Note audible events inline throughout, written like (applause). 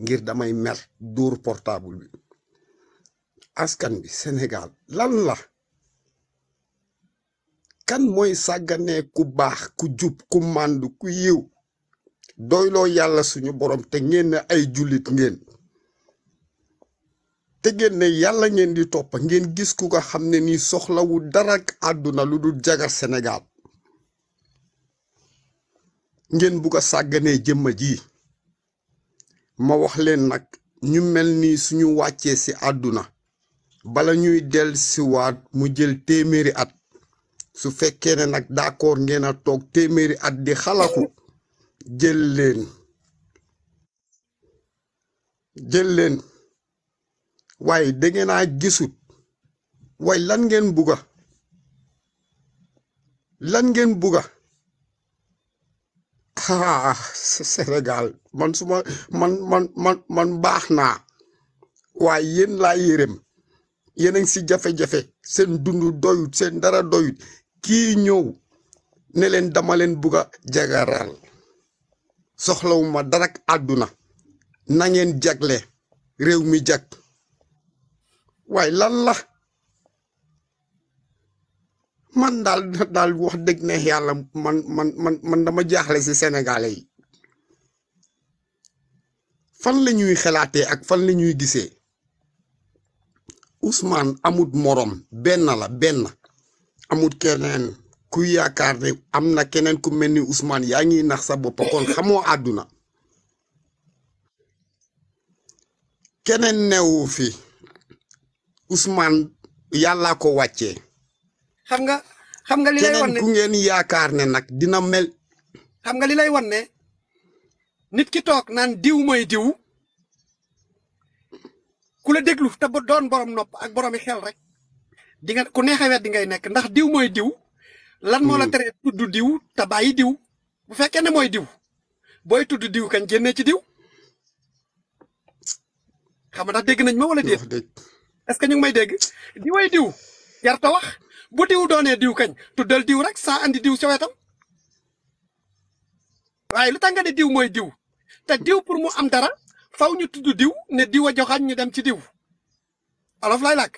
ngir damay mer dóor portable bi askan bi Sénégal lan la kan mooy sàgganee ku baax ku jub ku màndu ku yiw doyloo yàlla suñu boroom te ngeen ay jullit ngeen te ngeen ne yàlla ngeen di topp ngeen gis ku nga xam ne ni soxlawul dara àdduna lu dul jagar Sénégal ngeen bugg a sàgganee jëmma ji ma wax leen nag ñu mel ni suñu wàccee ci àdduna bala ñuy del si waat mu jël téeméeri at su fekkee ne nag d'accord ngeen a toog téeméeri at di xalaku jël leen jël leen waaye dangeen a gisut waaye lan ngeen buga lan ngeen ah, Sénégal man suma man man man man baax naa waaye yen laa yërëm yéen a ngi si jafe-jafe seen dund doyut seen dara doyut kii ñëw ne leen dama leen bugg a jagaral soxlawu dara ak àdduna na jagle réew mi jag waay lan la man daal daal wax dëgg ne yàlla man man man man dama jaaxle si sénégalais yi. fan la ñuy xalaatee ak fan la ñuy gisee Ousmane amut moroom benn la benn amut keneen ku yaakaar ne am na keneen ku mel ni Ousmane yaa ngi nax sa bopp kon xamoo àdduna keneen newu fi Ousmane yàllaa ko wàccee. xam nga xam nga li yaakaar ne nag dina mel. xam nga li lay wan nit ki toog naan diw mooy diw ku la déglu te bu doon borom nopp ak boromi xel rek di nga ku neex a di ngay nekk ndax diw mooy diw. lan moo la mm. tere tudd diw te bàyyi diw bu fekkee ne mooy diw booy tudd diw kañ génnee ci diw xam nga ndax dégg nañ ma wala déet est-ce que ñu ngi may dégg diway diw yar wax bu diw doonee diw kañ tuddal diw rek saa indi diw ca wetam waaye lu tax nga ne diw mooy diw te diw pour mu am dara faw ñu tudd diw ne diw a joxañ ñu dem ci diw olof lay làkk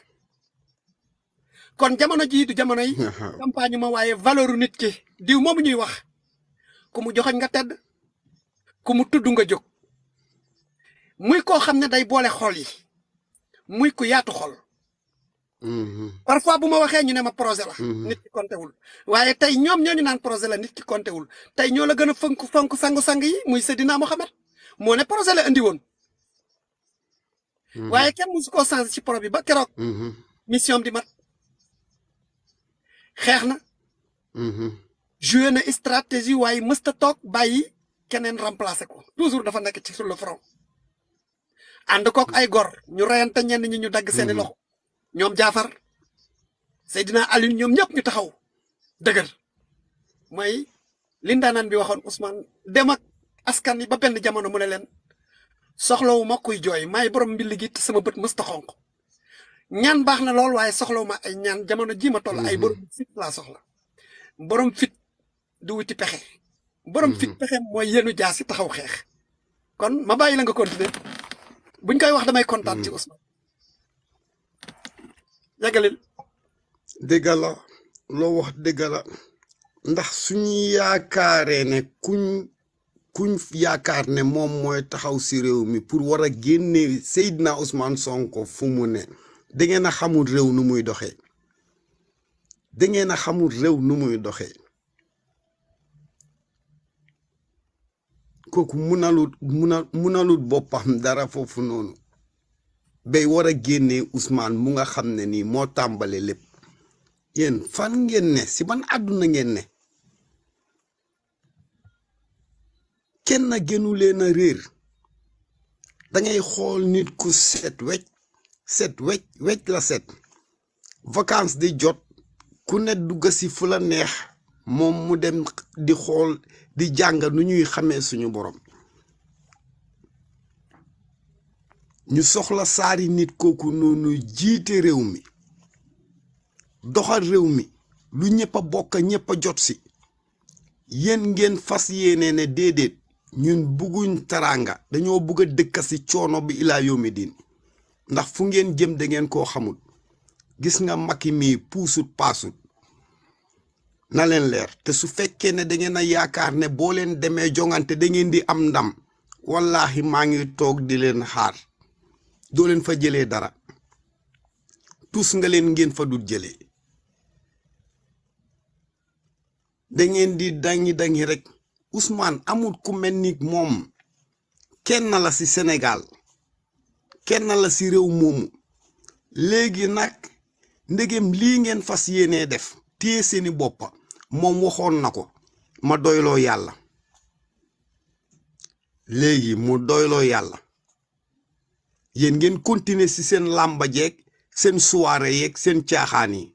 kon jamono jii du jamono yi ma waaye valeuru nit ki diw moomu ñuy wax ku mu joxañ nga tedd ku mu tudd nga jóg muy koo xam ne day boole xol yi muy ku yaatu xol Mm-hmm. parfois bu ma waxee ñu ne ma projet la. Mm-hmm. nit ki compté wul. waaye tey ñoom ñoo ñu naan projet la nit ki compté wul tey ñoo la gën a fonk fonk sangu-sang yi muy Seydina Mohamed moo ne projet la andi woon. Mm-hmm. waaye kenn musu koo changé ci pro bi ba keroog. mission di mat xeex na. joué na stratégie waaye mësta toog bàyyi keneen remplacé ko toujours dafa nekk ci sur le front. ànd kook ay gor ñu reyante ñenn ñi ñu dagg seeni loxo. ñoom jaafar Seydina Alioune ñoom ñëpp ñu taxaw dëgër mooy li ndaanaan bi waxoon Ousmane dem askan yi ba benn jamono mu ne leen soxlawu ma kuy jooy may borom mbilli gi te sama bët mës ta xonq ñaan baax na lool waaye soxlawu ma ay ñaan jamono jii ma toll ay mhm. borom fit laa soxla borom fit du wuti pexe borom fit mhm. pexe mooy yenu jaasi taxaw xeex kon ma bàyyi la nga continuer buñ koy wax damay kontaan ci mhm. Ousmane yàggaleel dëgg la loo wax dëgg la ndax suñu kuñ kuñ yaakaar ne moom mooy taxaw si réew mi pour war a génne Seydina Ousmane Sonko fu mu ne da ngeen a xamul réew nu muy doxee da xamul réew nu muy doxee kooku munalut muna munalut boppam dara foofu noonu bay war a génnee Ousmane mu nga xam ne nii moo tàmbale lépp yéen fan ngeen ne si ban àdduna ngeen ne kenn gënu leen a réer dangay xool nit ku set wecc set wecc wecc la set vacances di jot ku ne dugg si fu la neex moom mu dem di xool di jàng nu ñuy xamee suñu borom ñu soxla saari nit kooku noonu jiite réew mi doxal réew mi lu ñëpp a bokk ñépp a jot si yéen ngeen fas yéene ne déedéet ñun bugguñ taraanga dañoo bugg a dëkka si coono bi ilaa yawmi diin ndax fu ngeen jëm dangeen koo xamul gis nga Macky mii puusut paasut na leen leer te su fekkee ne da a yaakaar ne boo leen demee jongante dangeen di am ndam wallaahi maa ngi toog di leen xaar doo leen fa jëlee dara tus nga leen ngeen fa dul jëlee da di dangi dangi rek Ousmane amul ku mel ni moom kenn la ci Sénégal kenn la ci réew moomu léegi nag ndegem lii ngeen fas yéenee def téye seeni bopp moom waxoon na ko ma doyloo yàlla léegi mu doyloo yàlla yéen ngeen continuer si seen làmba jeeg seen soirée yeeg seen caaxaan yi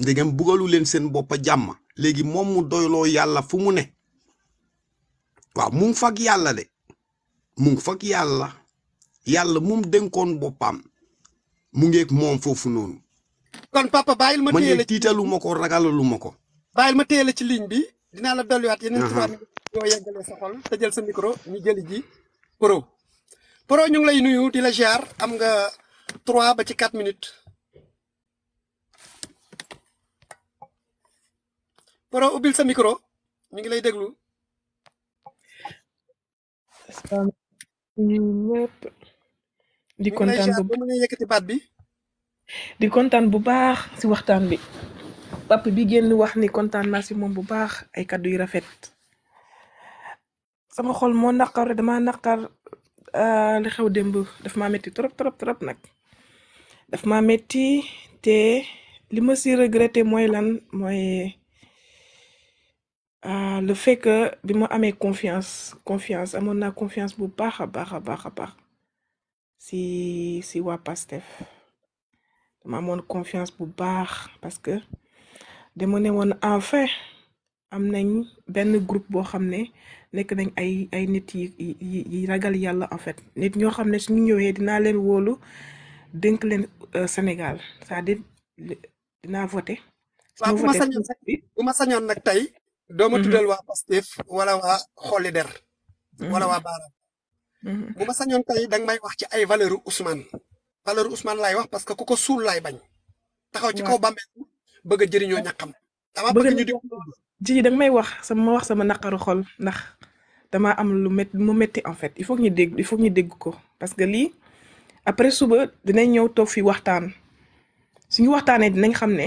ndegam bugalu leen seen bopp jàmm léegi moom mu doyloo yàlla fu mu ne waaw mu ngi fag yàlla de mu ngi fag yàlla yàlla mu dénkoon boppam mu ngeeg moom foofu noonu. kon papa bàyyil ma téye la tiitalu ma ko ragalalu ma ko. bàyyil ma téye la ci ligne bi dinaa la dolliwaat yeneen. trois minutes yoo yeggalee sa xol te jël sa micro ñu jëli ji Pro ñu ngi lay nuyu di la ziar am nga trois ba ci quatre minutes. Pro ubbil sa micro ñu ngi lay déglu. di kontaan bu baax baat bi. di kontaan bu baax si waxtaan bi. pap bi génn wax ni kontaan naa si moom bu baax ay kàddu yu rafet. sama xol moo naqar dama naqar. Euh, li xew démb daf ma métti trop trop trop nag daf maa métti te li ma si regretté mooy lan mooy euh, le fait que bi ma amee confiance confiance amoon naa confiance bu baax a baax a baax a baax si si waa Pastef dama amoon confiance bu baax parce que dama ne woon enfin am nañ benn groupe boo xam ne nekk nañ ay ay nit yi yi ragal yàlla en fait nit ñoo xam ne suñu ñëwee dinaa leen wóolu dénk leen euh, Sénégal c'est-à-dire dinaa voté waaw bu ma sañoon bu ma nag tey doo ma mhm. tuddal waa Pastef wala waa xolli der mhm. wala waa baaraam mhm. sañoon tey may wax ci ay valeur u Ousmane valeur u Ousmane laay wax parce que ku ko suul laay bañ taxaw ci kaw bàmmeel bëgg a jëriñoo ñàkkam dama bëgg jii danga may wax sama wax sama naqaru xol ndax dama am lu met mu metti en fait il faut que ñu dégg il ñu dégg ko parce que lii après suba dinañ ñëw toog fi waxtaan suñu waxtaanee dinañ xam ne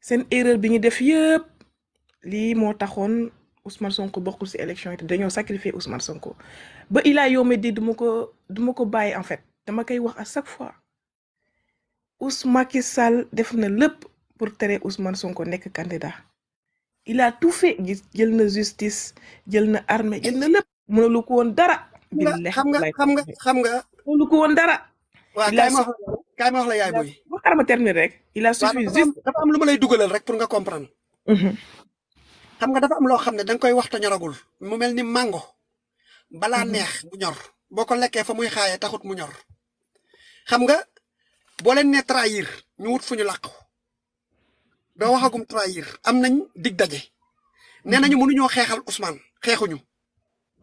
seen erreur bi ñu def yëpp lii moo taxoon Ousmane Sonko bokkul ci élection yi te dañoo sacrifier Ousmane Sonko ba ilaa yoome di duma ko duma ko bàyyi en fait dama koy wax à chaque fois Ousmane Macky Sall def na lépp pour tere Ousmane Sonko nekk candidat il tout fait gis jël na justice jël na armée jël na lépp mënalu ko woon dara. xam nga xam nga xam nga. mënalu ko woon dara. waaw kaay ma la yaay booy. rek. il a suffi dafa am lu ma lay dugalal rek pour nga comprendre. Mhm. xam nga dafa am loo xam ne da koy wax te ñoragul. mu mel ni mango. bala mhm. neex mu ñor. boo ko lekkee fa muy xaayee taxut mu ñor. xam nga boo leen ne trahir ñu wut fu ñu làqu ba waxagum trahir am nañ dig daje nee nañu mënuñoo xeexal Ousmane xeexuñu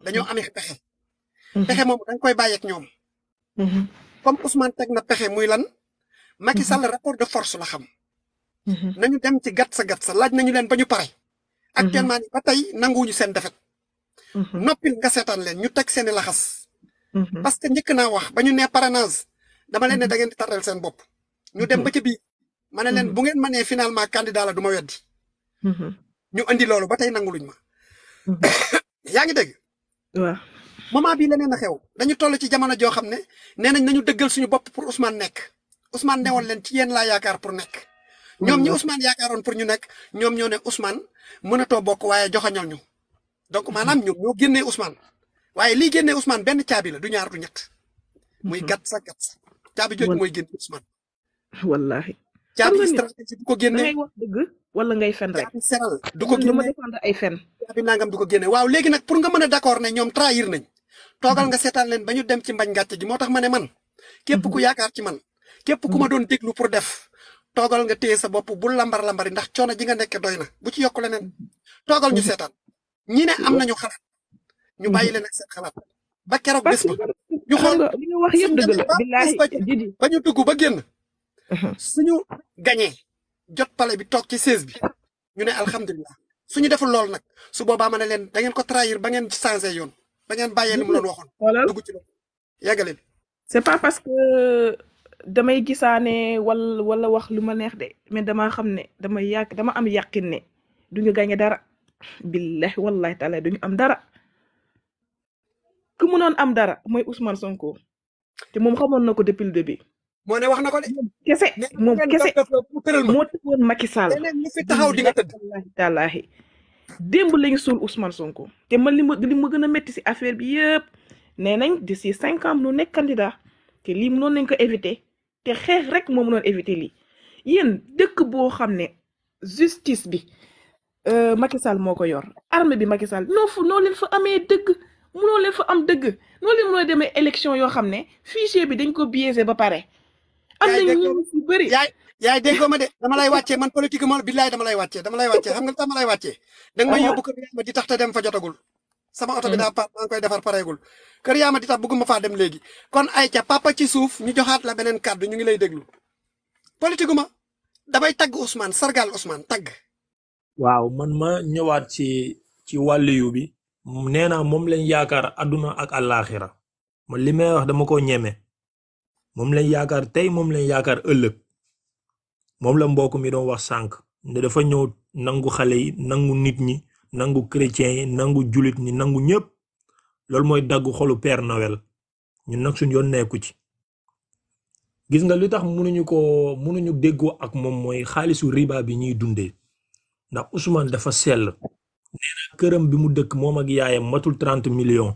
dañoo mm-hmm. amee pexe. Mm-hmm. pexe moom dañ koy bàyyeeg ñoom. Mm-hmm. comme Ousmane teg na pexe muy lan. Macky Sall rapport de force la xam. nañu dem ci gat sa gat sa laaj nañu leen ba ñu pare. ak nii ba tey nanguwuñu seen defet noppil nga seetaan leen ñu teg seeni laxas. parce que njëkk naa wax ba ñu nee parrainage dama leen ne da ngeen di tarreel seen bopp. ñu dem ba ca bii ma ne leen mhm. bu ngeen ma nee finalement candidat la du ma weddi. Mhm. ñu andi loolu ba tey nangu luñ ma. Mhm. (coughs) yaa ngi dégg. waaw moment bii leen a xew dañu toll ci jamono joo xam ne nee nañ nañu dëggal suñu bopp pour Ousmane nekk Ousmane newoon leen ci yéen laa yaakaar pour nekk. ñoom ñi Ousmane yaakaaroon pour ñu nekk ñoom ñoo ne Ousmane mënatoo bokk waaye joxañal ñu. donc maanaam ñoom ñoo génnee usmaan waaye lii génnee usmaan benn caabi la du ñaar du ñett. muy gat sa gat sa caabi jooju mooy génne Ousmane. caabi stratégie du ko génne ngay wala ngay fen rek caabi seral du ko génne défendre ay fen caabi nangam du ko génne waaw léegi nag pour nga mën a d'accord ne ñoom trahir nañ toogal nga seetaan leen ba ñu dem ci mbañ ngàcc gi moo tax ma ne man képp ku mhm. yaakaar ci man képp ku ma mhm. doon déglu pour def toogal nga téye sa bopp bu lambar lambari ndax coono ji nga nekk doy na bu ci yokk leneen toogal ñu mhm. seetaan ñi ne am nañu xalaat ñu bàyyi leen ak seen xalaat ba keroog bés ba ñu xool li nga wax yëpp dëgg la billaahi ba ñu dugg ba génn suñu gañee jot pale bi toog ci siège bi ñu ne su ñu deful loolu nag su boobaa ma ne leen da ngeen ko trahir ba ngeen changé yoon ba ngeen bàyyee li mu doon waxoon. dugg ci loolu yàggaleen. c'est pas parce que damay gisaane wala wala wax lu ma neex de mais damaa xam ne dama yàq dama am yàqin ne du ñu gañe dara. billahi wallahi taala du ñu am dara. ku mënoon am dara mooy Ousmane Sonko te moom xamoon na ko depuis de bi moo wax na ko de. kese moom kese moo tëwoon Macky Sall. ñu fi taxaw di nga tëdd. tallaahi démb lañ suul Ousmane Sonko. te man li ma li ma gën a métti si affaire bi yëpp nee nañ d'ici cinquante ans mu nekk candidat te lii mënoon nañ ko éviter te xeex rek moo mënoon éviter lii yéen dëkk boo xam ne justice bi euh, Macky Sall moo ko yor armée bi Macky Sall noo fu noo leen amee dëgg mënoo leen fa am dëgg noo leen mënoo demee élection yoo xam ne fichier bi dañ ko biaisé ba pare. am na ñu si bëri yaay yaay ma de dama lay wàccee man politique ma billaay dama lay wàccee dama lay wàccee xam nga dama lay wàccee danga may yóbbu kër yaama di tax te dem fa jotagul sama oto bi daa pa koy defar pareegul kër yaama di tax ma faa dem léegi kon ay ca papa ci suuf ñu joxaat la beneen kàddu ñu ngi lay déglu politique ma damay tagg Ousmane sargal Ousmane tagg waaw man ma ñëwaat ci ci wàlliyu bi nee naa moom lañ yaakaar àdduna ak àllaaxira man li may wax dama ko ñeme moom lañ yaakaar tey moom lañ yaakaar ëllëg moom la mbokk mi doon wax sànq nda dafa ñëw nangu xale yi nangu nit ñi nangu chrétien yi nangu julit ñi nangu ñëpp loolu mooy daggu xolu per Noël ñun nag suñ yoon nekku ci gis nga li tax mënuñu ko mënuñu déggoo ak moom mooy xaalisu ribaa bi ñuy dundee ndax Ousmane dafa sell nee këram bi mu dëkk moom ak yaayam matul 30 million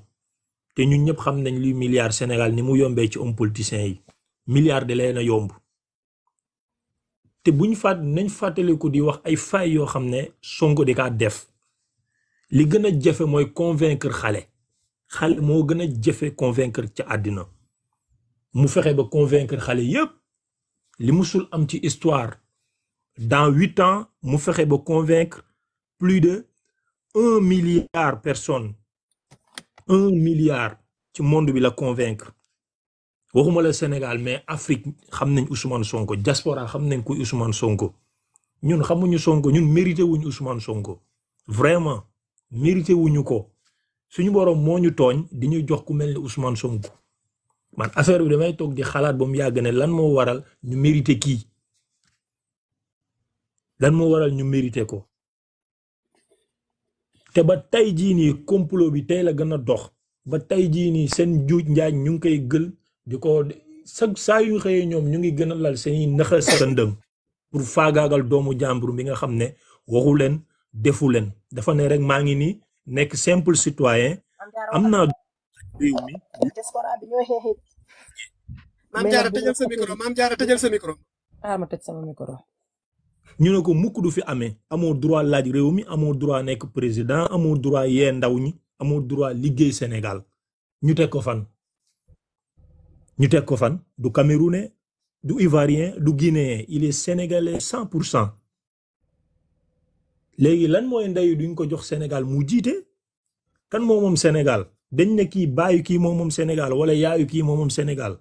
te ñun ñëpp xam nañ luy milliard Sénégal ni mu yombee ci homme politicien yi milliards de leen a yomb te buñ fàtt nañ fàttaliku di wax ay fay yoo xam ne Sonko di kaa def li gën a jafe mooy convaincre xale xale moo gën a jafe convaincre ca àddina mu fexe ba convaincre xale yëpp li musul am ci histoire dans huit ans mu fexe ba convaincre plus de un milliard personnes un milliard ci monde bi la convaincre waxuma la Sénégal mais Afrique xam nañ Ousmane Sonko diaspora xam nañ kuy Ousmane Sonko ñun xamuñu Sonko ñun mérité wuñu Ousmane Sonko vraiment mérité wuñu ko suñu borom moo ñu tooñ di ñu jox ku mel ni Ousmane Sonko man affaire bi damay toog di xalaat ba mu yàgg ne lan moo waral ñu mérité kii lan moo waral ñu mérité ko te ba tey jii nii complot bi tey la gën a dox ba tey jii nii seen juuj njaaj ñu ngi koy gël. di ko chaque saa yu xëyee ñoom ñu ngi gën a lal seeni naxa sëndëm pour faagaagal doomu jàmbur bi nga xam ne waxu leen defu leen dafa ne rek maa ngi nii nekk simple citoyen am naa réew mi maam jaara tëjal sa micro maam jaara tëjal sa ah, micro ñu ne ko mukk du fi amee amoo droit laaj réew mi amoo droit nekk président amoo droit yee ndaw ñi amoo droit liggéey Sénégal ñu teg ko fan ñu teg ko fan du camerounais du ivoirien du guinéen il est sénégalais cent pour cent léegi lan mooy ndeyu duñ ko jox Sénégal mu jiite kan moo moom Sénégal dañ ne kii baayu kii moo moom Sénégal wala yaayu kii moo moom Sénégal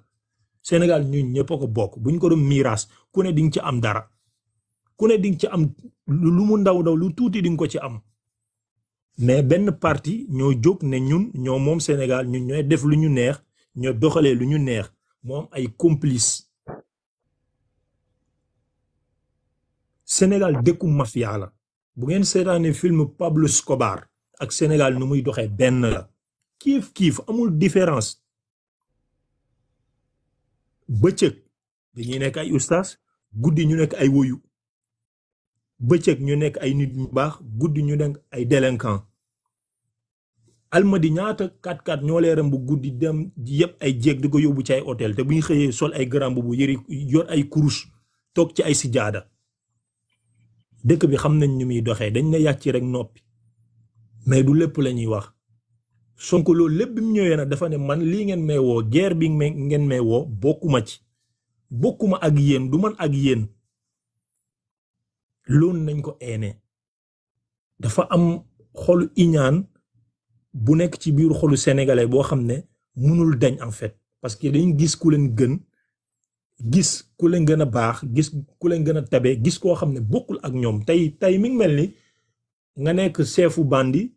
Sénégal ñu ñëpp ko bokk buñ ko doon miiras ku ne di nga ci am dara ku ne di nga ci am lu mu ndaw ndaw lu tuuti di ko ci am mais benn parti ñoo jóg ne ñun ñoo moom Sénégal ñu ñooy def lu ñu neex. ñoo doxalee lu ñu neex moom ay complice Sénégal dëkku mafia la bu ngeen seetaanee film Pablo Escobar ak Sénégal nu muy doxee benn la kiif kiif amul différence bëccëg dañuy nekk ay ustaas guddi ñu nekk ay woyu bëccëg ñu nekk ay nit ñu baax guddi ñu nekk ay délinquant almadi ñaata 4-4 ñoo leeram bu guddi dem yëpp ay jéeg di ko yóbbu ci ay hôtel te bu ñu xëyee sol ay garambu bu yëri yor ay kurus toog ci ay sijaada dëkk bi xam nañ ñu muy doxee dañ ne ci rek noppi mais du lépp lañuy ñuy wax Sonko loolu lépp bi ñëwee nag dafa ne man lii ngeen may woo geer bi ngeen may woo bokkuma ci bokkuma ak yéen du man ak yéen loolu nañ ko eene dafa am xolu iñaan bu nekk ci biiru xolu sénégalais boo xam ne mënul dañ en fait parce que dañ gis ku leen gën gis ku leen gën a baax gis ku leen gën a tabe gis koo xam ne bokkul ak ñoom tey tey mi ngi mel ni nga nekk seefu bàndi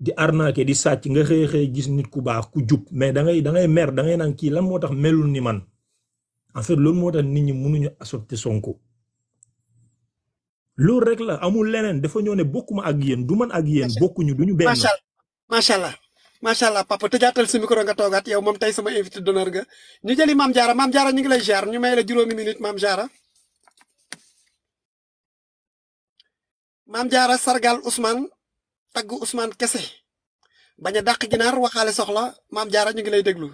di arnaqué di sàcc nga xëy xëy gis nit ku baax ku jub mais da ngay da ngay mer da ngay naan kii lan moo tax melul ni man en fait loolu moo tax nit ñi mënuñu asopte Sonko loolu rek la amul leneen dafa ñoo ne bokkuma ak yéen du man ak yéen bokkuñu duñu benn macha allah macha allah papa tëjaatal sa micro nga toogaat yow moom tey sama invité d'honneur nga ñu jëli maam jaara maam jaara ñu ngi lay ziar ñu may la juróomi minute maam jaara maam jaara sargal Ousmane tagg Ousmane kese bañ a dàq ginaar waxaale soxla maam jaara ñu ngi lay déglu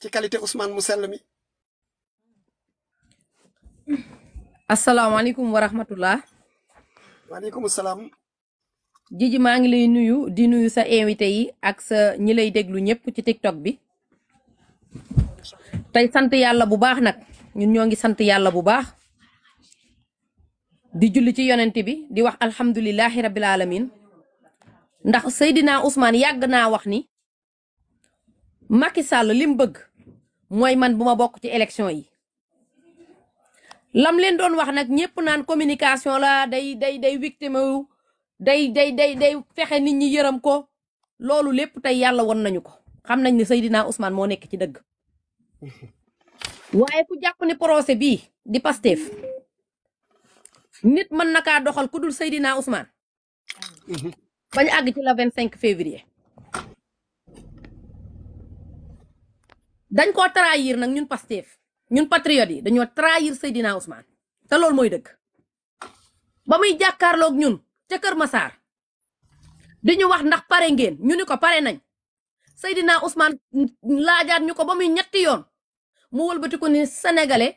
ci qualité Ousmane mu sell mi. asalaamaaleykum wa rahmatullah. waaleykum salaam. Jiji maa ngi lay nuyu di nuyu sa invité yi ak sa ñi lay déglu ñëpp ci TikTok bi tey sant yàlla bu baax nag ñun ñoo ngi sant yàlla bu baax di julli ci yonent bi di wax alhamdulilahi rabil alamin ndax Seydina Ousmane yàgg naa wax ni Macky Sall li bëgg mooy man bu ma bokk ci élection yi lam leen doon wax nag ñëpp naan communication la day day day day day day day fexe nit ñi yërëm ko loolu lépp tey yàlla won nañu ko xam nañ ne Seydina Ousmane moo nekk ci dëgg (laughs) waaye ku jàpp ne prosé bii di Pastef nit mën na kaa doxal ku dul Seydina Ousmane (laughs) bañ àgg ci la vingt cinq février dañ koo trahir nag ñun Pastef ñun patriotes yi dañoo trahir Seydina Ousmane te loolu mooy dëgg ba muy jàkkaarloog ñun ca Kër Massar di ñu wax ndax pare ngeen ñu ni ko pare nañ Seydina Ousmane laajaat ñu ko ba muy ñetti yoon mu wëlbatiku ni sénégalais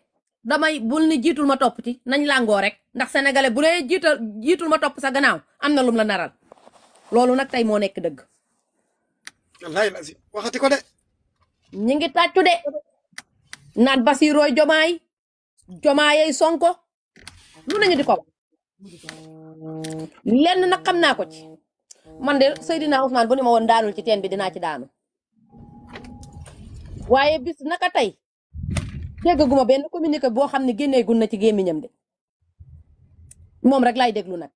damay bul ni jiitul ma topp ci nañ làngoo rek ndax sénégalais bu lay jiital jiitul ma topp sa gannaaw am na lum la naral loolu nag tey moo nekk dëgg. wallaahi lazi waxati ko de. ñi ngi tàccu de naan Basirooy Jomaay Jomaayay Sonko lu nañu di ko lenn nag xam naa ko ci man de Seydina Ousmane bu ni ma woon daanul ci teen bi dinaa ci daanu waaye bis naka tey déggaguma benn communiqué boo xam ne génnee gun na ci gémmiñam de moom rek laay déglu nag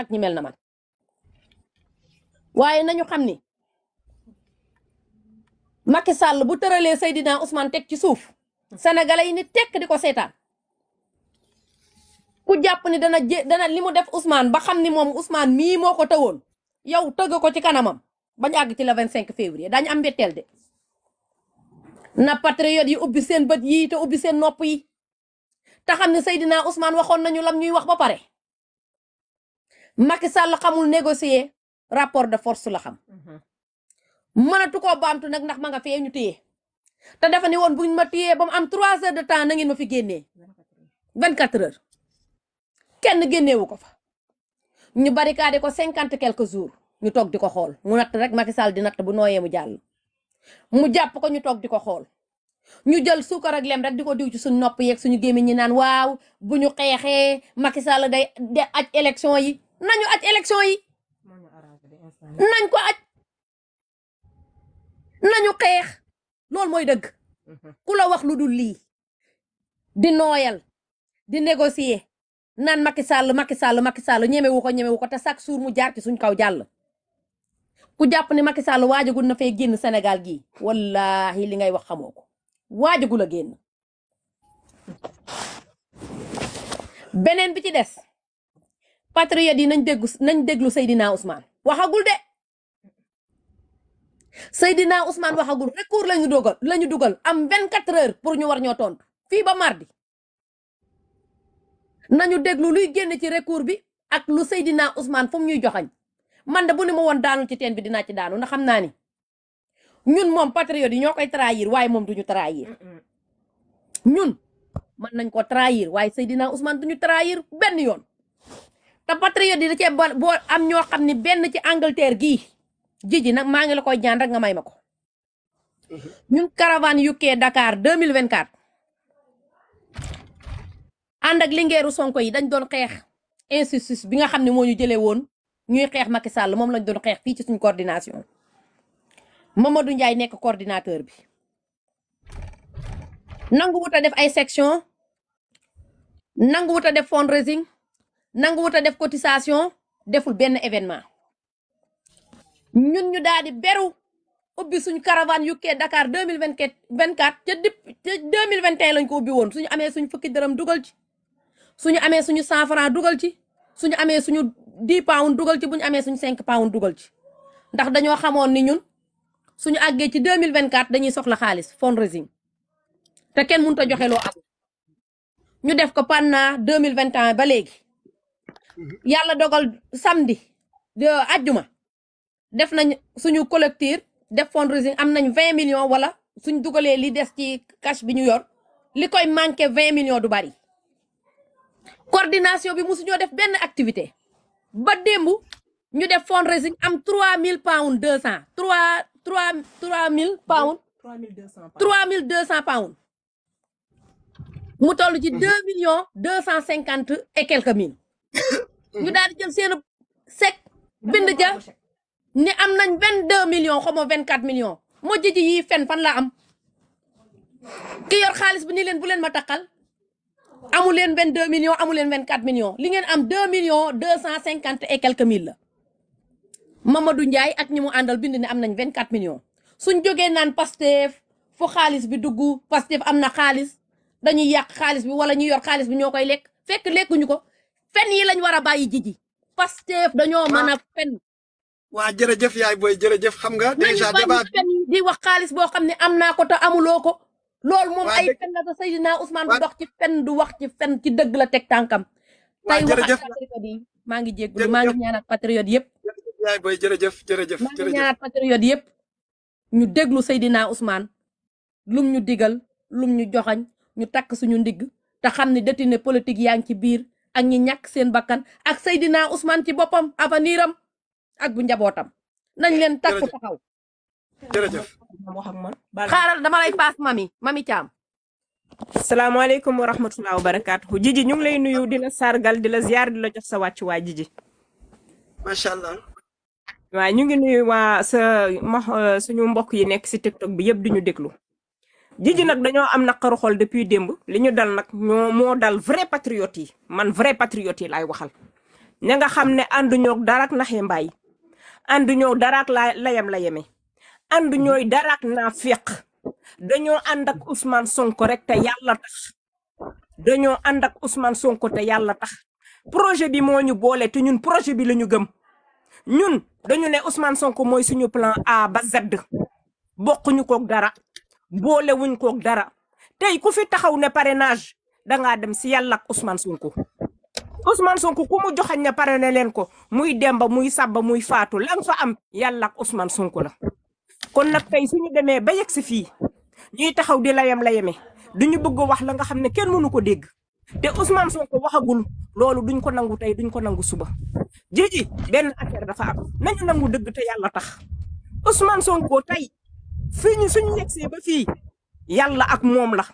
ak ñi mel na man waaye na ñu xam ni Macky Sall bu tëralee Seydina Ousmane teg ci suuf sénégalais yi ni tekk di ko seytaan ku jàpp ni dana jé dana li mu def Ousmane ba xam ni moom Ousmane mii moo ko tawoon yow tëgg ko ci kanamam bañ àgg ci le 25 février daañu am mbetteel de na patriote yi ubbi seen bët yi te ubbi seen nopp yi te xam ne Seydina Ousmane waxoon nañu lam ñuy wax ba pare Macky Sall xamul négocier rapport de force la xam mhm. mënatu koo baamtu nag ndax ma nga fee ñu téye te dafa ne woon buñ ma téyee ba mu am 3 heures de temps na ngeen ma fi génnee 24 heures. kenn génneewu ko fa ñu barricadé ko cinquante quelques jour ñu toog di ko xool mu natt rek Macky Sall di natt bu nooyee mu jàll mu jàpp ko ñu toog di ko xool ñu jël suukar ak lem rek di ko diw ci suñu nopp yeeg suñu gémmiñ ñi naan waaw bu ñu xeexee Macky Sall day de aj élection yi nañu aj élection yi nañ ko aj nañu xeex loolu mooy dëgg mhm. ku la wax lu dul lii di nooyal di négocier nan Macky Sall Macky Sall Macky Sall ñemewu ko ñemewu ko te chaque jour mu jaar ci suñ kaw jàll. ku jàpp ni Macky Sall waajagul na fee génn Sénégal gii wallaahi li ngay wax xamoo ko waajagul a génn. beneen bi ci des patriote yi nañ déglu nañ déglu Seydina Ousmane waxagul de Seydina Ousmane waxagul recours lañu dogal lañu dugal am 24 heures pour ñu war ñoo tontu fii ba mardi. nañu déglu luy génn ci recours bi ak lu Seydina Ousmane fu mu ñuy joxañ man de bu ne ma woon daanu ci teen bi dinaa ci daanu na xam naa ni ñun moom patriote yi ñoo koy trahir waaye moom duñu trahir ñun mën nañ ko trahir waaye Seydina Ousmane duñu trahir benn yoon te patriote yi da cee boo am ñoo xam ne benn ci Angleterre gii jiji nag maa ngi la koy ñaan rek nga may ma ko mm-hmm. ñun caravane UK Dakar 2024 ànd ak lingeeru sonko yi dañ doon xeex injustice bi nga xam ne moo ñu jëlee woon ñuy xeex Macky Sall moom lañ doon xeex fii ci suñ coordination Mamadou njaay nekk coordinateur bi nangu wut a def ay section nangu wut a def fundraising nangu wut def cotisation deful benn événement ñun ñu daal di beru ubbi suñu caravane yukkee Dakar deux mille vingt quatre vingt quatre ca dip ca deux mille lañ ko ubbi woon suñu amee suñu fukki dërëm dugal ci su ñu amee suñu 100 francs dugal ci suñu amee suñu 10 pounds dugal ci bu ñu amee suñu cinq pounds dugal ci ndax dañoo xamoon ni ñun suñu àggee ci mille vingt 2024 dañuy soxla xaalis fundraising te kenn mënut a joxe loo am ñu def ko mille vingt 2021 ba léegi yàlla dogal samdi ajjuma def nañ suñu collecteur def fundraising am nañ 20 million wala suñ dugalee li des ci cash bi ñu yor li koy manqué 20 million du bari coordination bi musuñoo def benn activité ba démb ñu def fundraising am 3000 pounds 200 3 3 3000 pounds. 3200 pounds 3200 pounds. mu toll ci 2 millions 250 et quelques mille. ñu daal di jël seen sec bind ja ne am nañ 22 millions xaw ma vint millions moo ji ji yii fen fan la am ki yor xaalis bi ni leen bu leen ma takkal amu leen vingt deux millions amu leen vingt quatre li ngeen am deux millions deux cent cinquante et quelques mille la Mamadou Ndiaye ak ñi mu àndal bind ni am nañ vingt quatre millions suñ jogee naan Pastef fu xaalis bi dugg Pastef am na xaalis dañuy yàq xaalis bi wala ñu yor xaalis bi ñoo koy lekk fekk lekkuñu ko fen yi lañ war a bàyyi jiji Pastef dañoo mën fen waa jërëjëf yaay booy jërëjëf xam nga déjà débat di wax xaalis boo xam ne am naa ko te amuloo ko loolu moom ay fen la te Seydina Ousmane du dox ci fen du wax ci fen ci dëgg la teg tànkam tey wax maa ngi jégglu maa ngi ñaanaat yëpp yaay boy jërëjëf jërëjëf maa ngi ñaanaat patriote yëpp ñu déglu Seydina Ousmane lum ñu digal lum ñu joxañ ñu takk suñu ndigg te xam ne détenu politique yaa ngi ci biir ak ñi ñàkk seen bakkan ak Seydina Ousmane ci boppam avenir am ak bu njabootam nañ leen takku taxaw jërëjëf wax ak man dama lay paas mami mami salaamaaleykum wa rahmatulah wa barakaatu jiji ñu ngi lay nuyu di sargal di la ziar di jox sa wàccu waa jiji macha allah ñu ngi nuyu waa sa ma uh, suñu mbokk yi nekk si tiktok bi yëpp di ñu déglu jiji nag dañoo am na xol depuis démb li ñu dal nag ñoo moo dal vrai patriote yi man vrai patriote yi laay waxal ña nga xam ne ànduñoo dara ak naxee mbaay ànduñoo dara ak la layam ànd ñooy daraak naa féq dañoo ànd ak Ousmane Sonko rek te yàlla tax dañoo ànd ak Ousmane Sonko te yàlla tax projet bi moo ñu boole te ñun projet bi la ñu gëm ñun dañu ne usman Sonko mooy suñu plan A ba Z bokkuñu koog dara boolewuñ koog dara tey ku fi taxaw ne parrainage dangaa dem si yàlla ak Ousmane Sonko. Ousmane Sonko ku mu joxañ ne parrainé leen ko muy Demba muy Sàbba muy Faatu lang nga fa am yàlla ak Ousmane Sonko la. kon nag tey ñu demee ba yegg si fii ñuy taxaw di yemee layame ñu bëgg wax la nga xam ne kenn mënu ko dégg te Ousmane Sonko waxagul loolu duñ ko nangu tey duñ ko nangu suba. Jiji benn affaire dafa am nañu nangu dëgg te yàlla tax Ousmane Sonko tey fii ñu suñu yegg see ba fii yàlla ak moom la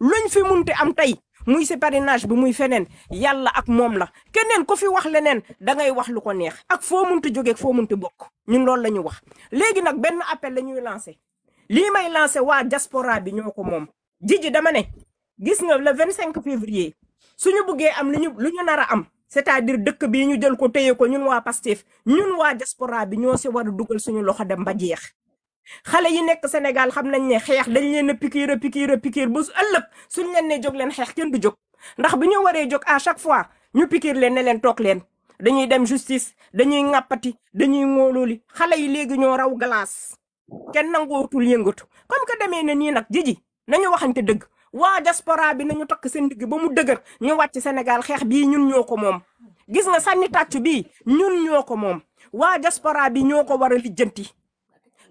luñ fi munte am tey muy si parinage bi muy feneen yàlla ak moom la keneen ko fi wax leneen da ngay wax lu ko neex ak foo munti jógee foo munti bokk ñun loolu la ñu wax. léegi nag benn appel la ñuy lancé lii may lancé waa diaspora bi ñoo ko moom jiji dama ne gis nga vingt cinq février suñu buggee am lu ñu lu ñu nar a am. c'est-à-dire dëkk bi ñu jël ko téye ko ñun waa Pastef ñun waa diaspora bi ñoo si war a dugal suñu loxo dem ba jeex xale yi nekk Sénégal xam nañ ne xeex dañ leen a pikiir a pikiir a pikiir su ëllëg leen ne jog leen xeex kenn du jog ndax bi ñu waree jog à chaque fois ñu pikiir leen ne leen toog leen dañuy dem justice dañuy ŋàppati dañuy ŋóolooli xale yi léegi ñoo raw glace kenn nangootul yëngatu comme que demee na nii nag jiji nañu waxante dëgg waa jaspora bi nañu takk seen digg ba mu dëgër ñu wàcc Sénégal xeex bii ñun ñoo ko moom gis nga sànni tàccu bi ñun ñoo ko moom waa diaspora bi ñoo ko war a lijjanti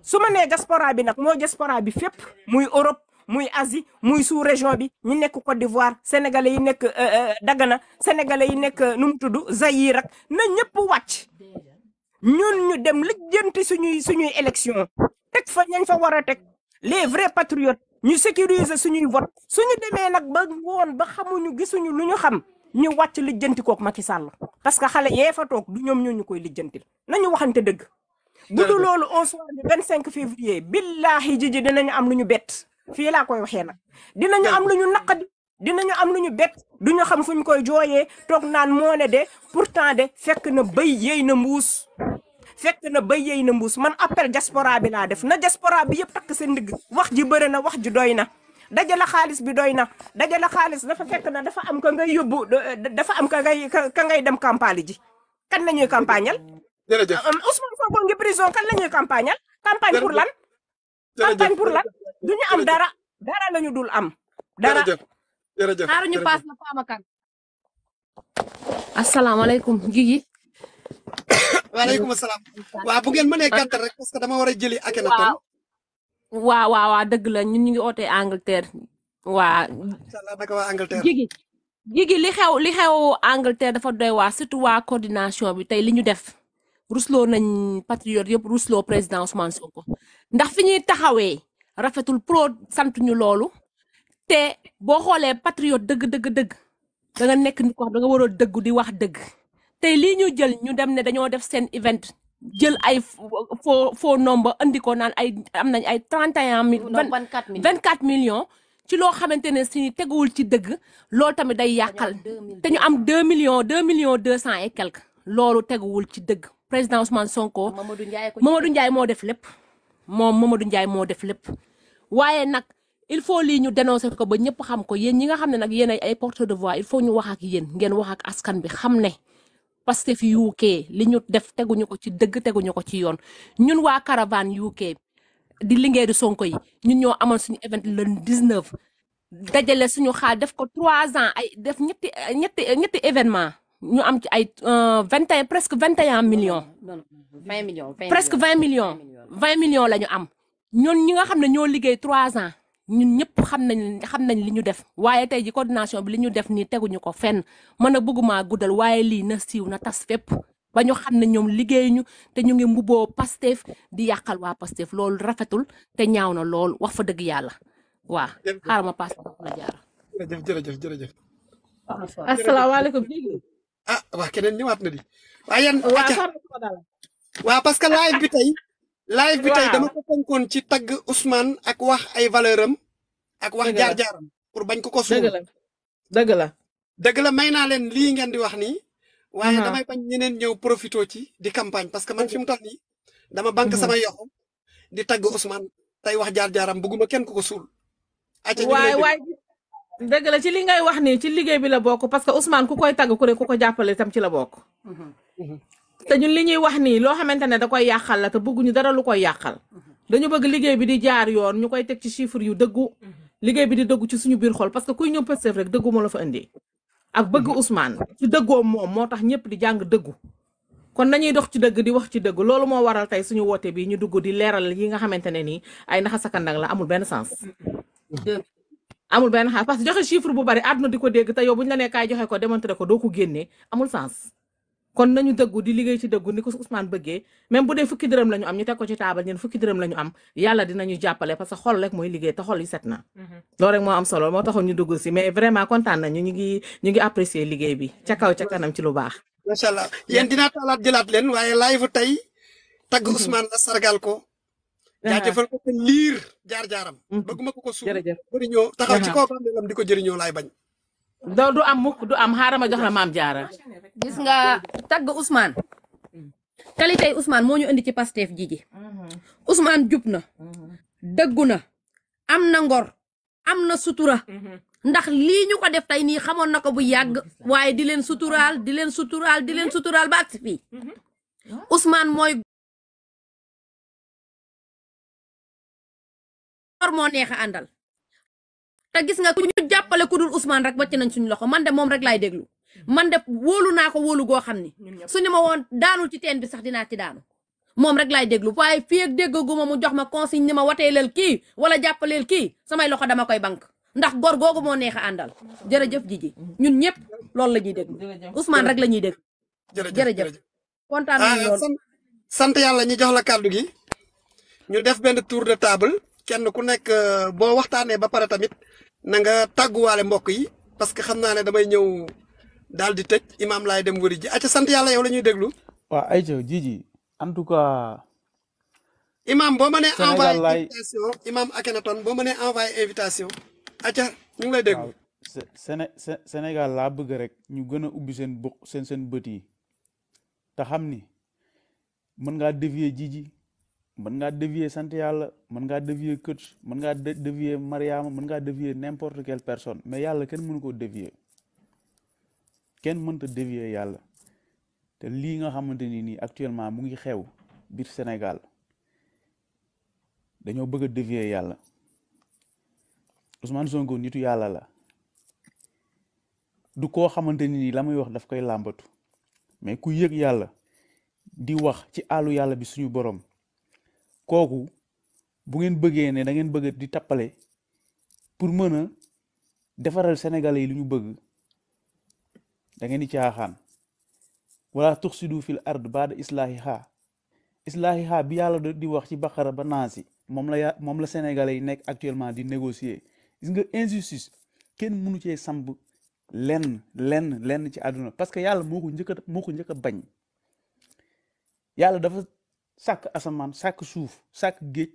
su ma nee diaspora bi nag mooy diaspora bi fépp muy Europe muy asi muy sous région bi ñu nekk Côte d'Ivoire sénégalais yi nekk euh, euh, Dagana sénégalais yi nekk euh, nu mu tudd Zaïre ak na ñëpp wàcc ñun ñu dem lijjanti suñuy suñuy élection teg fa ñañ fa war a teg les vrais patriotes ñu sécuriser suñuy vote suñu demee nag ba woon ba xamuñu gisuñu lu ñu xam ñu wàcc lijjanti kook Macky Sall parce que xale yee fa toog du ñoom ñoo ñu koy lijjantil nañu waxante dëgg. bu du loolu cinq soir du 25 février billahi jiji dinañu am lu ñu bett fii laa koy waxee nag dinañu am lu ñu naqadi dinañu am lu ñu bet bett ñu xam fu ñu koy jooyee toog naan moo ne de pourtant de fekk na bay yey na mbuus fekk na bay yey na mbuus man appel diaspora bi laa def na diaspora bi yëpp takk seen ndigg wax ji bëri na wax ji doy na dajale xaalis bi doy na dajale xaalis dafa fekk na dafa am ka ngay yóbbu dafa am ka ngay ka ngay dem campagne ji na ñuy campagnal jërëjëf ah, ah, Ousmane Sonko ngi prison kan la ñuy campagne campagne lan. campagne pour lan du ñu am dara. dara la dul am. dara jërëjëf xaaru ñu paas na Fama Kane. asalaamaaleykum Guigui. waaleykum salaam waaw bu ngeen mënee gàttal rek parce que dama war a jëli Akhenaton. waaw waaw dëgg la ñun ñu ngi ootee Angleterre. waa Guigui Guigui li xew li xew Angleterre dafa doy waa surtout waa coordination bi tey li ñu def. rusloo nañ patriote yëpp rusloo président Ousmane Sonko ndax fi ñuy taxawee rafetul pro santuñu loolu te boo xoolee patriote dëgg dëgg dëgg da nekk nit ko xam da nga war a dëgg di wax dëgg tey lii ñu jël ñu dem ne dañoo def seen event jël ay faux faux nombre andi naan ay am nañ ay trente et un mille vingt quatre millions ci loo xamante ne si teguwul ci dëgg lool tamit day yàqal te ñu am deux millions deux millions deux cent et quelque loolu teguwul ci dëgg président Ousmane Sonko. Mamadou Ndiaye Mamadou Ndiaye moo def lépp. moom Mamadou Ndiaye moo def lépp waaye nag il faut lii ñu dénoncer ko ba ñëpp xam ko yéen ñi nga xam ne nag yéen ay porteurs de voix il faut ñu wax ak yéen ngeen wax ak askan bi xam ne parce que fi UK li ñu def teguñu ko ci dëgg teguñu ko ci yoon ñun waa caravane UK di liggéey di Sonko yi ñun ñoo amoon suñu event le 19 dajale suñu xaal def ko trois ans ay def ñetti ñetti ñetti événement ñu am ci ay euh, vingt et un presque vingt et un millions. vingt presque vingt millions. vingt millions la ñu am. ñoon ñi nga xam ne ñoo liggéey trois ans ñun ñëpp xam nañ xam nañ li ñu def waaye tey ji coordination bi li ñu def nii teguñu ko fenn mën a bëgguma guddal waaye lii na siiw na tas fépp. ba ñu xam ne ñoom liggéey ñu te ñu ngi mbubboo Pastef di yàqal waa Pastef loolu rafetul te ñaaw na lool wax fa dëgg yàlla waa xaaral ma paas la ah waa keneen ñëwaat na di. waa a acca waaw parce que live bi tey. live bi tey dama ko ci tagg Ousmane ak wax ay valeur am. ak wax jaar-jaaram pour bañ ko ko suul. dëgg la dëgg la. dëgg la may naa leen lii ngeen di wax nii. waaye uh-huh. damay bañ ñeneen ñëw profito ci di campagne parce que man fi mu toll nii. dama banque uh-huh. sama yoxu di tagg Ousmane tey wax jaar-jaaram bëgguma kenn ku ko suul. acca ñu dëgg la ci li ngay wax nii ci liggéey bi la bokk parce que Ousmane ku koy tàgg ku ne ku ko jàppale tam ci la bokk. te ñun li ñuy wax nii loo xamante ne da koy yàqal la te bëgguñu dara lu koy yàqal. dañu bëgg liggéey bi di jaar yoon ñu koy teg ci chiffre yu dëggu. liggéey bi di dëggu ci suñu biir xol parce que kuy ñëw Pastef rek dëggu moo la fa indi. ak bëgg Ousmane ci dëggoom moom moo tax ñëpp di jàng dëggu. kon nañuy dox ci dëgg di wax ci dëgg loolu moo waral tey suñu woote bi ñu dugg di leeral yi nga xamante ne nii ay naxa sakandang la amul benn sens. amul benn xaas parce que joxe chiffre bu bari àdduna di ko dégg te yow bu ñu la nee kaay joxe ko démontré ko doo ko génnee amul sens kon nañu dëggu di liggéey ci dëggu ni ko Ousmane bëggee même bu dee fukki dërëm la ñu am ñu teg ko ci taabal ñun fukki dërëm la ñu am yàlla dinañu jàppale parce que xol rek mooy liggéey te xol yi set na. Mhm. rek moo am solo moo taxoon ñu dugg si mais vraiment kontaan nañu ñu ñu apprécier liggéey bi ca kaw ca ci lu baax. macha mhm. ko jaajëfal liir jaar-jaaram. Mhm. bëgguma ko ko suuf jëriñoo taxaw ci kooku am di ko jëriñoo laay bañ. doo du am mukk du am xaaral ma jox la maam jaara. gis nga tagg Ousmane. qualité yi Ousmane moo ñu indi ci Pastef ji ji. Mhm. Ousmane jub na. Mhm. dëggu na. am na ngor. am na sutura. ndax lii ñu ko def tey nii xamoon na ko bu yàgg waaye di leen suturaal di leen suturaal di leen suturaal ba agsi fii Ousmane mooy gor moo neex a àndal te gis nga ku ñu jàppale ku dul Ousmane rek wàcc nañ suñu loxo man de moom rek laay déglu hmm. man de wóolu naa ko wóolu goo xam ni su ni ma woon daanul ci teen bi sax dinaa ci daanu moom rek laay déglu waaye fii ak déggaguma mu jox ma consigne ni ma wateelal kii wala jàppaleel kii samay loxo dama koy bank ndax gor googu moo neex a àndal jërëjëf Jiji ñun ñëpp loolu la ñuy déglu Ousmane rek la ñuy déglu. jërëjëf kontaan nañu ah, loolu sant yàlla ñu jox la kàddu gi ñu def benn tour de table. kenn ku nekk euh, boo waxtaanee ba pare tamit na nga tàgguwaale mbokk yi parce que xam naa ne damay ñëw daal di tëj imaam laay dem wëri ji ayca sant yàlla yow la ñuy déglu. waaw ayca Jiji en tout cas. imaam boo mënee envoyé invitation imaam Akhenaton boo mënee envoyé invitation. acca ñu ngi lay déglu. Sénégal laa bëgg rek ñu gën a ubbi seen bokk seen bët yi te xam ni mën nga dévier Jiji mën ngaa dévier sant yàlla mën ngaa dévier coach mën ngaa dévier Mariama mën ngaa dévier n'importe quelle personne mais yàlla kenn mënu ko dévier kenn mënta dévier yàlla te lii nga xamante ni nii actuellement mu ngi xew biir Sénégal dañoo bëgg a dévier yàlla Ousmane Sonko nitu yàlla la du koo xamante ni nii la muy wax daf koy làmbatu mais ku yëg yàlla di wax ci àllu yàlla bi suñu borom kooku bu ngeen bëggee ne da ngeen bëgg di tappale pour mën a defaral sénégalais yi lu ñu bëgg da ngeen di caaxaan wala du fil ard baada islaahiha islaahiha bi yàlla di wax ci baqara ba naasi moom la ya moom la sénégalais yi nekk actuellement di négocier gis nga injustice kenn munu cee samb lenn lenn lenn ci àdduna parce que yàlla moo ko njëkk moo ko njëkk bañ yàlla dafa sàkk asamaan sàkk suuf sàkk géej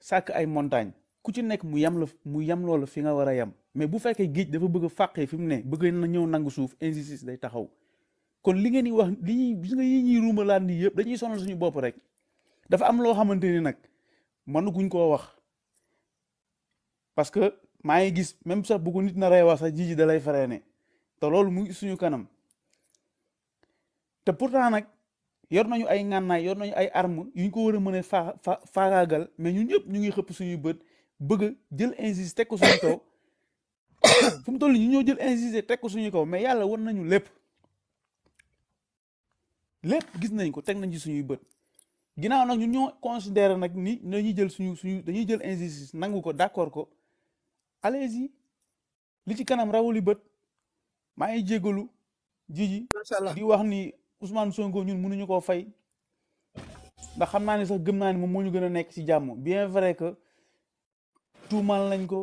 sàkk ay montagne ku ci nekk mu yam la mu yam loola fi nga war a yam mais bu fekkee géej dafa bëgg a fàqee fi mu ne bëgg na ñëw nangu suuf injustice day taxaw kon li ngeen di wax li ñuy yi ñuy ruumalaan nii yëpp dañuy sonal suñu bopp rek dafa am loo xamante ni nag mënuguñ koo wax parce que maa ngi gis même sax bu ko nit naree wax sax jiji da lay ne te loolu mu ngi suñu kanam te pourtant nag. yor nañu ay ngànnaay yor nañu ay arme yu ñu ko war a mën a faa fa faagaagal mais ñun ñëpp ñu ngi xëpp suñuy bët bëgg jël injustice teg ko suñu kaw (coughs) fu mu toll ñu ñoo jël injustice teg ko suñu kaw mais yàlla wan nañu lépp gis nañ ko teg nañ ci suñuy bët ginnaaw nag ñu ñoo considéré nag ni dañuy jël suñu suñu dañuy jël injustice nangu ko d'accord ko allez li ci kanam rawuli bët maa ngi jégalu jiji di wax ni Ousmane Sonko ñun mënuñu koo fay ndax xam naa ne sax gëm naa ni moom moo ñu gën a nekk ci jàmm bien vrai que tuumaal nañ ko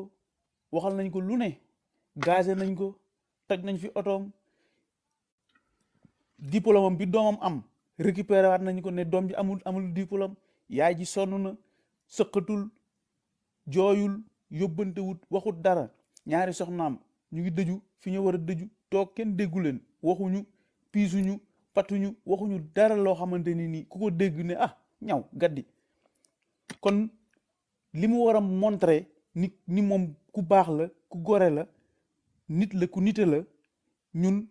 waxal nañ ko lu ne gazé nañ ko toj nañ fi otoom diplôme bi doomam am récupéré waat nañ ko ne doom ji amul amul diplôme yaay ji sonn na sëqatul jooyul yóbbantewut waxut dara ñaari soxnaam ñu ngi dëju fi ñu war a dëju toog kenn déggu waxuñu piisuñu patuñu waxuñu dara loo xamante ni nii ku ko dégg ne ah ñaw gaddi kon li mu war a montré ni ni moom ku baax la ku gore la nit la ku nite la ñun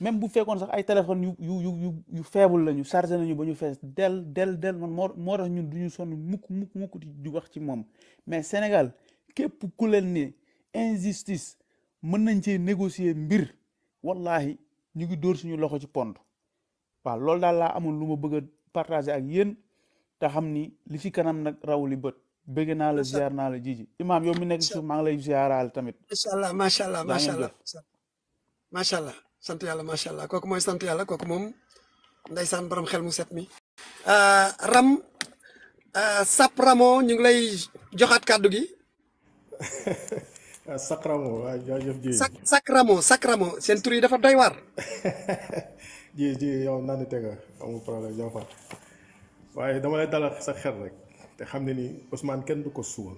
même bu fekkoon sax ay téléphone yu yu yu yu faible la ñu chargé nañu ba ñu fees del del del man moo tax ñun du ñu sonn mukk mukk mukk di wax ci moom mais Sénégal képp ku leen ne injustice mën nañ cee négocier mbir wallahi ñu ngi dóor suñu loxo ci pont waaw loolu daal laa amoon lu ma bëgg a ak yéen te xam ni li fi nag raw li bët bëgg naa la ziar naa la jiji imaam yow mi nekk suuf maa ngi lay ziaraal tamit macha allah macha allah macha allah macha allah sant yàlla macha allah kooku mooy sant yàlla kooku moom ndeysaan borom xel mu set mi ah, ram ah, sap ñu ngi lay joxaat kàddu gi (laughs) sak ramo waaw jaajëf ji sak sak seen tur dafa doy waar (laughs) ji ji yow naan tega amul problème yow faat waaye dama lay dalal sa xel rek te xam ne ni Ousmane kenn du ko suul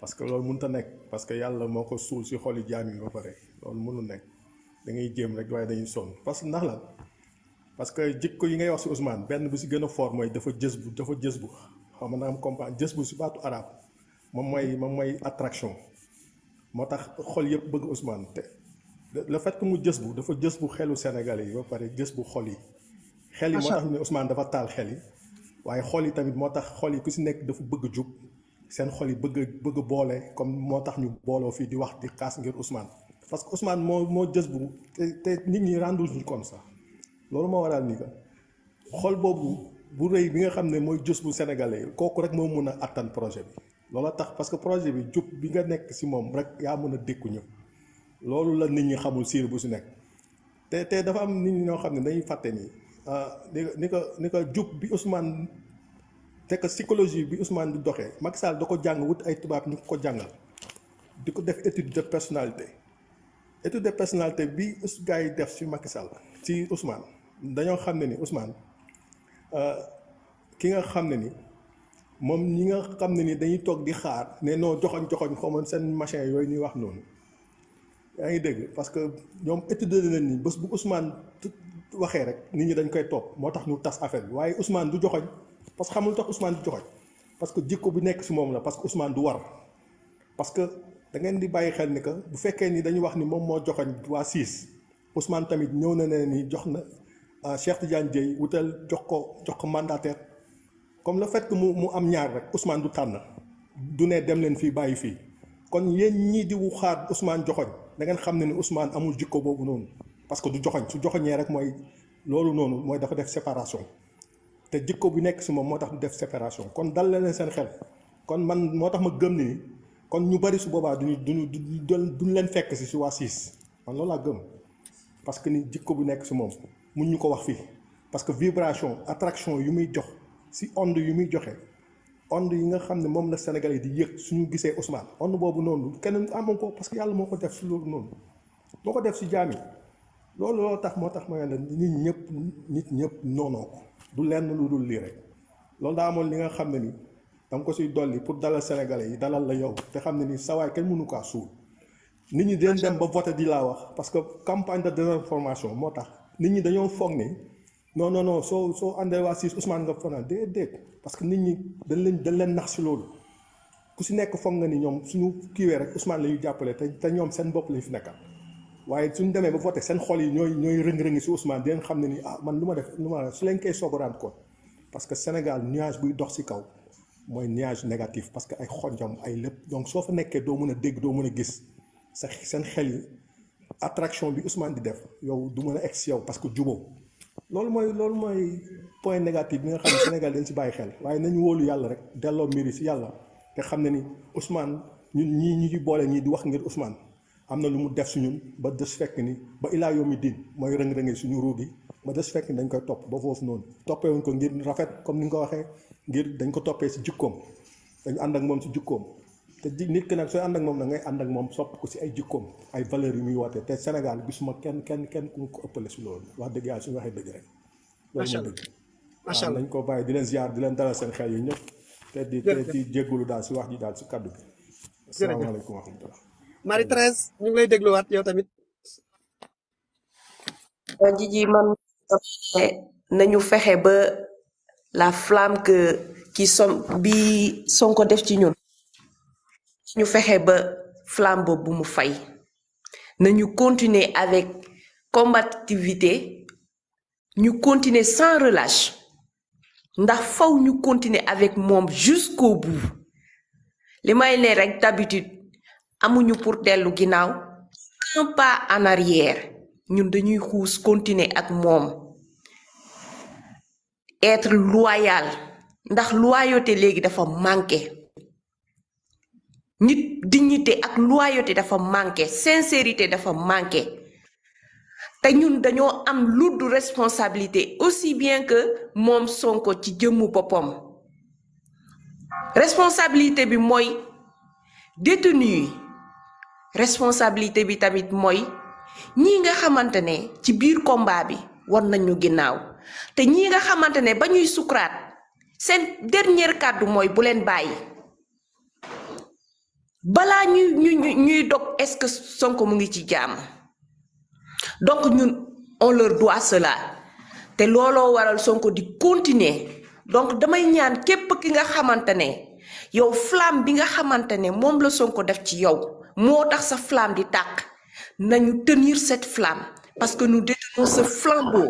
parce que loolu mun a nekk parce que yàlla moo ko suul si xoli jaam yi ba pare loolu mënu nekk da ngay jéem rek waaye dañuy sonn parce que ndax la parce que jikko yi ngay wax si Ousmane benn bu si gën foor mooy dafa jës bu dafa jës bu xaw ma na am comprendre jës bu si baatu arab moom mooy moom mooy attraction moo tax xol yëpp bëgg Ousmane le fait que mu jës bu dafa jës bu xelu Sénégalais yi ba pare jës bu xol yi. xel yi moo tax ne Ousmane dafa taal xel yi. waaye xol yi tamit moo tax xol yi ku si nekk dafa bëgg jub seen xol yi bëgg bëgg boole comme moo tax ñu booloo fii di wax di xaas ngir Ousmane. parce que Ousmane moo moo jës bu te nit ñi rendul ñu comme ça loolu moo waral ni que xol boobu bu rëy bi nga xam ne mooy jës bu Sénégalais yi kooku rek moo mun a attan projet bi. loola tax parce que projet bi jub bi nga nekk si moom rek yaa mën a dékku ñëpp. loolu la nit ñi xamul siir bu si nekk te te dafa am nit ñi ñoo xam ne dañuy fàtte nii ah, ni ko ni ko jub bi Ousmane te que psychologie bi Ousmane di doxee Macky Sall da ko jàng wut ay tubaab ñu ko jàngal di ko def étude de personnalité étude de personnalité bi gars yi def ci Macky Sall ci Ousmane dañoo xam ne ni Ousmane ah, ki nga xam ne ni moom ñi nga xam ne ni dañuy toog di xaar ne noo joxoñ joxoñ xamoon seen machin yooyu ñuy wax noonu yaa ngi dégg parce que ñoom étudier leen ni bés bu Ousmane waxee rek nit ñi dañ koy topp moo tax ñu tas affaire bi waaye Ousmane du joxoñ parce que xamul tax Ousmane du joxoñ parce que jikko bu nekk si moom la parce que Ousmane du war parce que da di bàyyi xel ni que bu fekkee ni dañu wax ni moom moo joxoñ waa siis Ousmane tamit ñëw na ne nii jox na euh, Cheikh Tidiane Dieye wutal jox ko jox ko mandataire comme la fait que mu mu am ñaar rek Ousmane du tànn du ne dem leen fii bàyyi fii kon yéen ñii di waxaat Ousmane joxoñ da ngeen xam ne ne Ousmane amul jikko boobu noonu parce que du joxoñ su joxoñee rek mooy loolu noonu mooy dafa def séparation te jikko bu nekk si moom moo tax du def séparation kon dal leen seen xel kon man moo tax ma gëm kon ñu bari su boobaa duñu duñu duñ leen fekk si si waa loolu laa gëm parce que ni jikko bu nekk si moom mun ñu ko wax fii parce que vibration attraction yu muy jox si onde yu muy joxe. ond yi nga xam ne moom la Sénégalais di yëg suñu gisee Ousmane ond boobu noonu kenn amoon ko parce que yàlla moo ko def si loolu noonu moo ko def si jaam yi loolu loo tax moo tax ma ne la nit ñëpp nit ñëpp noonoo ko du lenn lu dul lii loolu daa amoon li nga xam ne ni danga ko siy dolli pour dalal Sénégalais yi dalal la yow te xam ne ni sawaay kenn mënu kaa suul nit ñi den dem ba voté di laa wax parce que campagne de désinformation moo tax nit ñi dañoo foog ne non non non soo soo àndee waa siis Ousmane nga fanaan déedéet parce que nit ñi dal leen dañ leen nax si loolu ku si nekk foog nga ni ñoom suñu kiiwee rek Ousmane la ñuy jàppale te te ñoom seen bopp lañ fi nekkal waaye suñu demee ba voté seen xol yi ñooy ñooy rëng-rëngi si Ousmane di leen xam ne ni ah man lu ma def lu ma su leen koy soog a ko parce que Sénégal nuage buy dox si kaw mooy nuage négatif parce que ay xonjam ay lépp donc soo fa nekkee doo mën a dégg doo mën a gis sa seen xel yi attraction bi Ousmane di def yow du mën a egg parce que jubóo loolu mooy loolu mooy point négatif bi nga xam ne Sénégal dañ si bàyyi xel waaye nañu wóolu yàlla rek delloo mbir yi si yàlla te xam ne ni Ousmane ñun ñii ñu ngi boole ñii di wax ngir Ousmane am na lu mu def si ñun ba des fekk ni ba ilaa yoomi diin mooy rëng-rënge suñu ruug yi ba des fekk ni dañ koy topp ba foofu noonu toppee wuñ ko ngir rafet comme ni nga ko waxee ngir dañ ko toppee si jikkoom dañu ànd ak moom si jikkoom te ji nit ki nag sooy ànd ak moom na ngay ànd ak moom sopp ko si ay jikkoom ay valeurs yu muy wootee te Sénégal gisuma kenn kenn kenn ku ko ëppale si loolu wax dëgg yàlla suñu waxee dëgg rek. macha allah macha allah bàyyi di leen ziar di leen dalal seen xel yu ñëpp. te di daal si wax ji daal si kaddu wa rahmatulah. Marie Thérèse ñu ngi lay dégluwaat yow tamit. Euh, man nañu fexe ba la flamme que qui som bi Sonko def ci ñun. ñu fexe ba flambeau bu mu fay nañu continuer avec combativité ñu continuer sans relage ndax faw ñu continuer avec moom jusqu'au bout li may ne rek d'habitude amuñu pour dellu ginnaaw un pas en arrière ñun dañuy xuus continuer ak moom être loyal ndax loyauté léegi dafa manqué nit dignité ak loyauté dafa manqué sincérité dafa manqué te ñun dañoo am lourde responsabilité aussi bien que moom Sonko ci jëmmu boppam responsabilité bi mooy détenu yi responsabilité bi tamit mooy ñi nga xamante ne ci biir combat bi war nañu ginnaaw te ñii nga xamante ne ba ñuy sukuraat seen dernier kàddu mooy bu leen bàyyi balaa ñuy ñuy dog est-ce que Sonko mu ngi ci jàmm donc ñun on leur la te looloo waral Sonko di continuer donc damay ñaan képp ki nga xamante ne yow flamme bi nga xamante ne moom la Sonko def ci yow moo tax sa flamme di tàkk nañu tenir cette flamme parce que nous détenons ce flambeau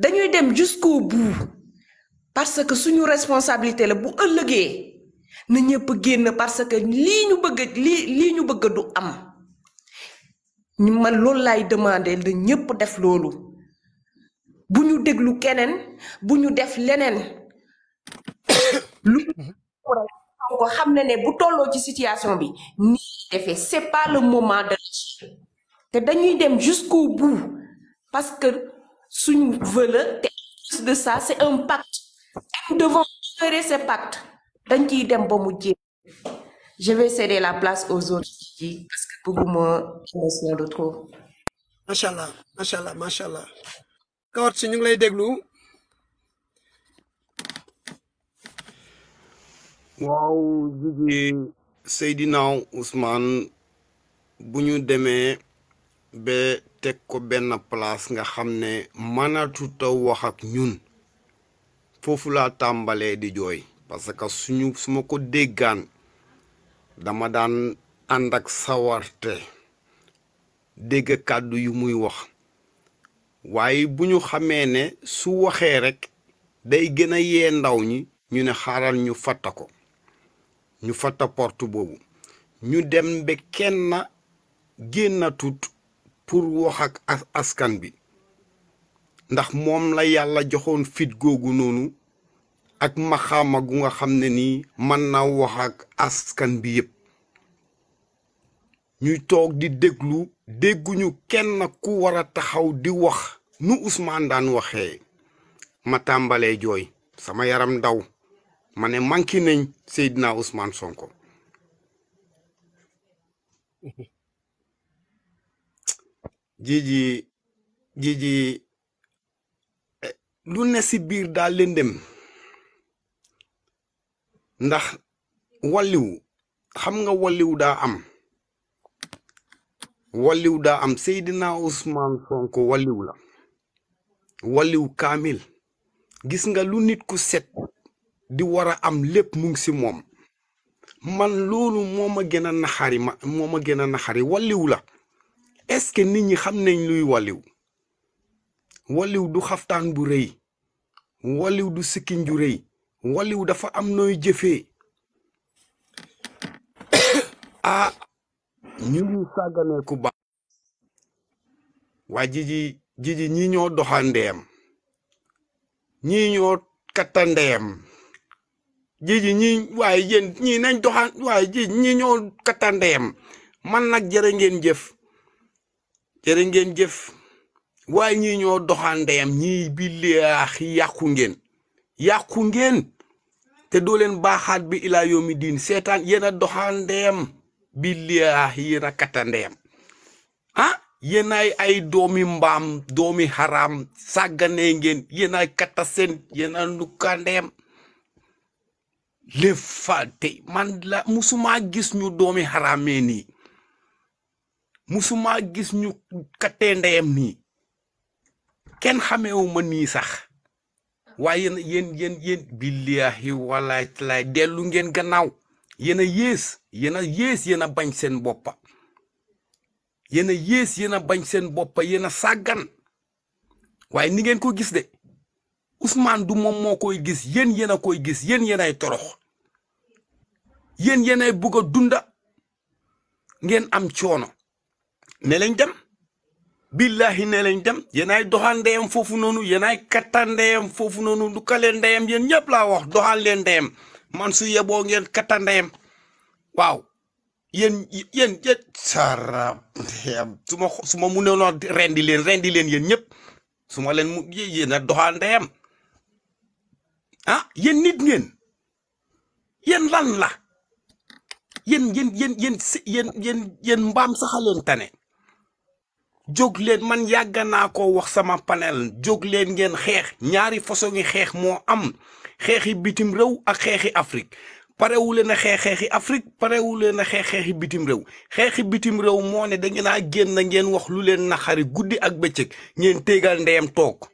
dañuy dem jusqu'au bout parce que suñu responsabilité la bu ëllëgee. na ñëpp génn parce que lii ñu bëgg lii lii ñu bëgg du am ñu man loolu laay demandé la ñëpp def loolu bu ñu déglu keneen bu ñu def leneen (coughs) lu mhm. ko xam ne ne bu tolloo ci situation bi nii defee c'est pas le moment de te dañuy dem jusqu'au bout parce que suñu vëla te de ça c'est un pacte devons honorer ce pacte dañ ci dem ba mu jéem je vais céder la place aux autres yi parce que bëgguma émotion allah macha allah macha allah. si ñu ngi lay déglu. waaw jigi Seydina Ousmane bu ñu demee ba teg ko benn place nga xam ne mënatu taw wax ñun foofu laa tàmbalee di jooy parce que suñu su ma ko déggaan dama daan ànd ak sawarte dégg kàddu yu muy wax waaye bu ñu xamee ne su waxee rekk day gën a yee ndaw ñi ñu ne xaaral ñu fatta ko ñu fatta porte boobu ñu dem ba kenn génnatut pour wax ak askan bi ndax moom la yàlla joxoon fit googu noonu ak maxaama gu nga xam ne nii man na wax ak askan bi yépp ñuy toog di déglu dégguñu kenn ku war a taxaw di wax nu usmaan daan waxee ma tàmbalee jooy sama yaram daw ma ne manqué nañ Seydina Ousmane Sonko jiji jiji eh, lu ne si biir daal leen ndax walliwu xam nga walliwu daa am walliw daa am Seydina Ousmane Sonko walliwu la walliwu kaamil gis nga lu nit ku set di war a am lépp mu ngi si moom man loolu moo ma gën a naxari moo ma gën a naxari walliwu la est-ce que nit ñi xam nañ luy walliw walliw du xaftaan bu rëy walliw du sikkiñ ju réy waliw dafa am nooy jëfee (coughs) ah ñu ngi sàgganee ku baax waa jiji jiji ñi ñoo doxandeem ñi waaye yéen ñi ñoo kattandeem man nag jërë ngeen jëf jërë ngeen jëf waaye ñii ñoo doxandeem ñii bi leex yàqu ngeen yàqu ngeen te doo leen baaxaat bi ilaa yoomi diin seetaan yéen a doxandeem billaahi yéen a katandeem ah yéen ay ay doomi mbaam doomi xaraam sàgganee ngeen yéen ay katta seen yéen a nukkandeem le falte man la musuma gis ñu doomi xaraamee nii musuma gis ñu kattee ndeem nii kenn xameewu ma nii sax waaye yéen yéen yéen yéen billaahi walaay laay dellu ngeen gannaaw yéen a yées yéen a yées yéen a bañ seen boppa yéen a yées yéen a bañ seen boppa yéen a sàggan waaye ni ngeen ko gis de usmaan du moom moo koy gis yéen yéen a koy gis yéen yéen ay torox yéen yéen ay bugg a dunda ngeen am coono ne lañ dem billahi ne lañ dem yéenay doxal ndeyam foofu noonu yéenay kattan foofu noonu du ka leen ndeyam yéen ñëpp laa wax doxal leen ndeyam man su yeboo ngeen kattan waaw yéen yéen yéen sara su ma su ma mënoon rendi leen rendi yéen ñëpp su ma leen mu yéen a doxal ndeyam ah yéen nit ngeen yéen lan la yéen yéen yéen mbaam sax a tane jóg leen man yàgg naa ko wax sama panel jóg leen ngeen xeex ñaari façon ngi xeex moo am xeexi bitim réew ak xeexi Afrique parewu leen a xeex xeexi parewu leen a xeexi bitim réew xeexi bitim réew moo ne da ngeen a génn ngeen wax lu leen naxari guddi ak bëccëg ngeen tégal ndeyam toog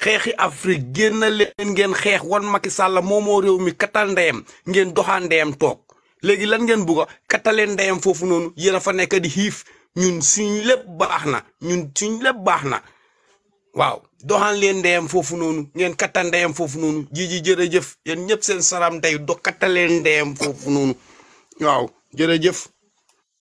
xeexi Afrique génn leen ngeen xeex wan Macky Sall moomoo réew mi katal ndeyam ngeen doxaan ndeyam toog léegi lan ngeen bugg a kataleen ndeyam foofu noonu yéen a fa nekk di xiif. ñun suñ lépp baax na ñun suñ lépp baax na waaw doxaan leen ndeyam foofu noonu ngeen katta ndeyam foofu noonu jiji jërëjëf yéen ñëpp seen saram tey do katta leen ndeyam foofu noonu waaw jërëjëf